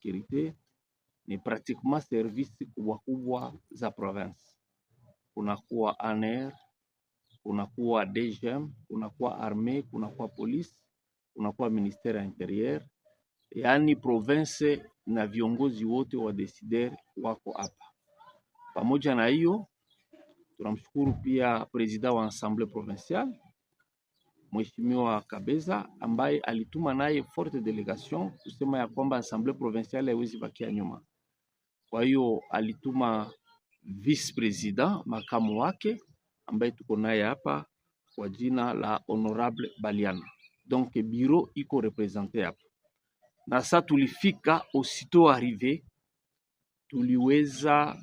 sécurité ni pratiquement service kubwa kubwa za province. Kunakuwa ANR, kunakuwa DGM, kunakuwa armée, kunakuwa polisi, kunakuwa ministère ya interieur, yaani province na viongozi wote wa desider wako hapa. Pamoja na hiyo, tunamshukuru pia president wa assemblée provinciale Mheshimiwa Kabeza ambaye alituma naye forte delegation kusema ya kwamba assemblée provinciale haiwezi bakia nyuma. Kwa hiyo alituma vice president makamu wake ambaye tuko naye hapa kwa jina la honorable Baliana. Donc biro iko represente hapa, na sa tulifika osito arrive, tuliweza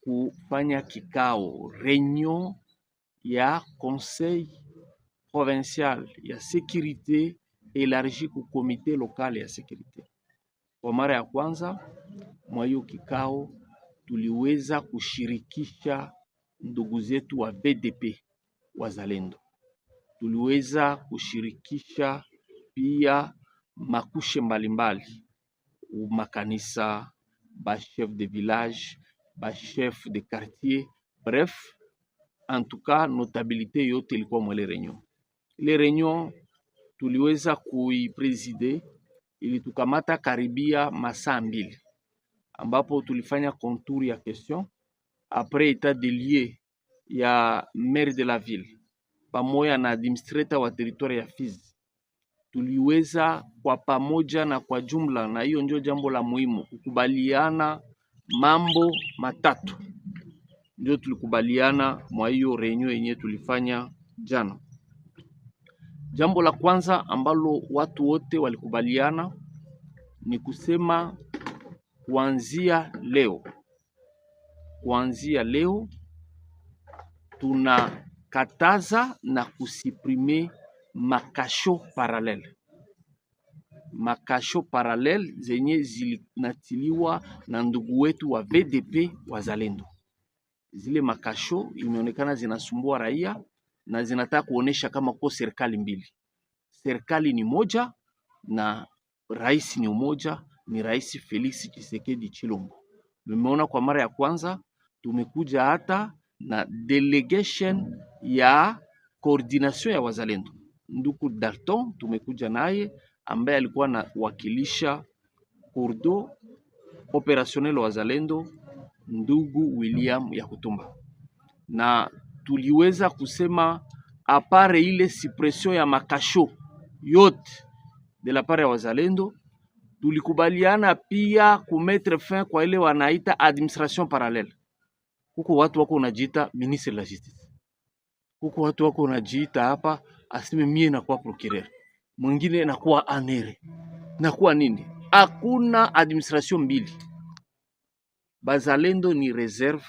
kufanya kikao reunion ya conseil provinciale ya sécurité élargie comité local et à sécurité. Kwa mara ya kwanza mwayo kikao, tuliweza kushirikisha ndugu zetu wa BDP wazalendo, tuliweza kushirikisha pia makushe mbalimbali, makanisa, ba chef de village, ba chef de quartier, bref en tout cas notabilité yote ilikuwa mwele reunion. ile reunion tuliweza kuipreside ilitukamata karibia masaa mbili, ambapo tulifanya contour ya question apres etat de lieu ya maire de la ville pamoja na administrator wa territoire ya Fizi. Tuliweza kwa pamoja na kwa jumla, na hiyo ndio jambo la muhimu, kukubaliana mambo matatu, ndio tulikubaliana mwa hiyo reunion yenyewe tulifanya jana. Jambo la kwanza ambalo watu wote walikubaliana ni kusema kuanzia leo, kuanzia leo tunakataza na kusiprime makasho paralele, makasho paralele zenye zilinatiliwa na ndugu wetu wa VDP wa zalendo Zile makasho imeonekana zinasumbua raia na zinataka kuonesha kama kuko serikali mbili. Serikali ni moja na rais ni umoja, ni Rais Felix Tshisekedi Chilombo. Nimeona kwa mara ya kwanza tumekuja hata na delegation ya coordination ya wazalendo, nduku Dalton tumekuja naye, ambaye alikuwa anawakilisha kurdo operationnel wazalendo, ndugu William Yakutumba na tuliweza kusema apare ile suppression ya makasho yote de la part ya wazalendo, tulikubaliana pia kumetre fin kwa ile wanaita administration parallele. Huko watu wako wanajiita ministre la justice, huko watu wako wanajiita hapa, aseme mie nakuwa procureur, mwingine nakuwa anere, nakuwa nini. Hakuna administration mbili. Bazalendo ni reserve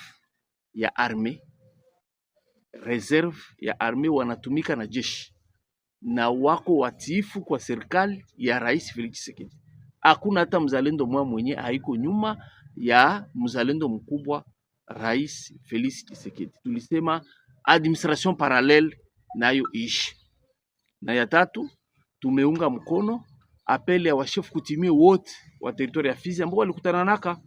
ya armée reserve ya arme wanatumika na jeshi na wako watiifu kwa serikali ya Rais Felix Tshisekedi. Hakuna hata mzalendo mwa mwenye haiko nyuma ya mzalendo mkubwa Rais Felix Tshisekedi. Tulisema administration parallele nayo ishi. Na ya tatu, tumeunga mkono apeli ya washefu kutimia wote wa teritori ya Fizi ambao walikutana naka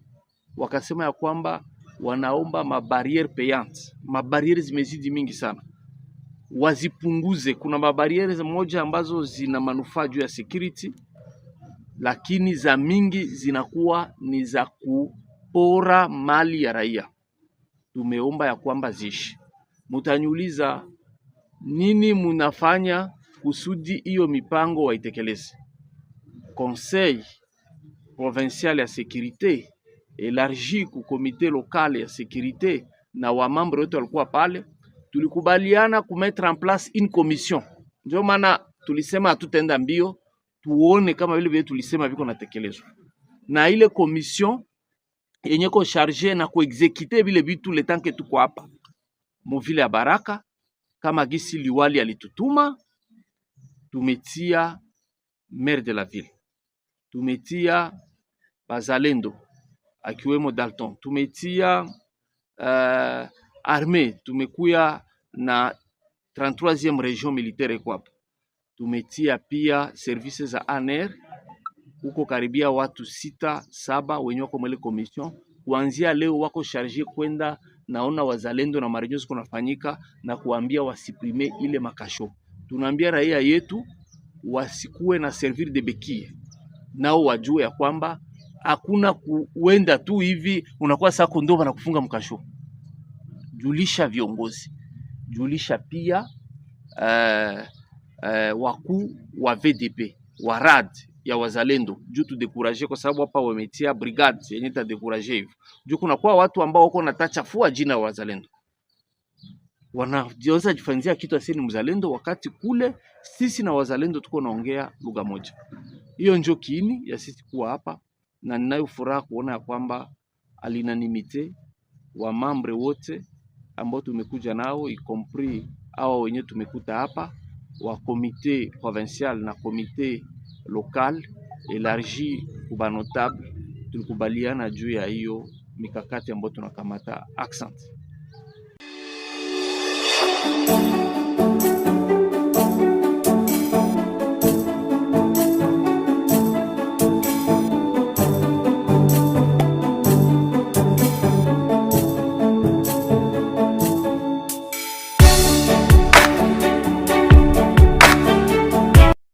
wakasema ya kwamba wanaomba mabariere payante. Mabariere zimezidi mingi sana, wazipunguze. Kuna mabariere moja ambazo zina manufaa juu ya security, lakini za mingi zinakuwa ni za kupora mali ya raia. Tumeomba ya kwamba ziishi. Mutaniuliza nini munafanya kusudi hiyo mipango waitekeleze. Conseil provincial ya securite elargi ku komite lokale ya sécurité na wamambre wote walikuwa pale, tulikubaliana kumetre en place une commission. Ndio maana tulisema hatutaenda mbio, tuone kama vile vile tulisema viko natekelezwa na ile commission yenye ko charge na kuexekite vile vitu letanke tuko hapa muvile ya Baraka, kama gisi liwali alitutuma. Tumetia maire de la ville, tumetia bazalendo akiwemo Dalton. Tumetia uh, eh, arme, tumekuya na 33e region militaire iko hapo. Tumetia pia service za ANR huko karibia watu sita saba wenye wako mwele commission kuanzia leo wako charge kwenda naona wazalendo na marejo ziko nafanyika na kuambia wasiprime ile makasho. Tunaambia raia yetu wasikue na servir de bekie, nao wajue ya kwamba hakuna kuenda tu hivi unakuwa sako ndoba na kufunga mkasho. Julisha viongozi, julisha pia uh, uh, wakuu wa VDP wa RAD ya wazalendo juu tudekuraje, kwa sababu hapa wametia brigade yenye tadekuraje hivyo juu kunakuwa watu ambao wako natachafua jina ya wazalendo wanaweza jifanzia kitu asini mzalendo, wakati kule sisi na wazalendo tuko naongea lugha moja. Hiyo njo kiini ya sisi kuwa hapa na ninayo furaha kuona ya kwamba alinanimite wa mambre wote ambao tumekuja nao ikompris awa wenye tumekuta hapa wa komite provincial na komite local elargi kuba tulikubaliana juu ya hiyo mikakati ambayo tunakamata accent